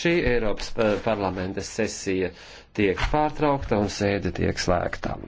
Šī Eiropas eh, parlamenta sesija tiek pārtraukta un sēde tiek slēgta.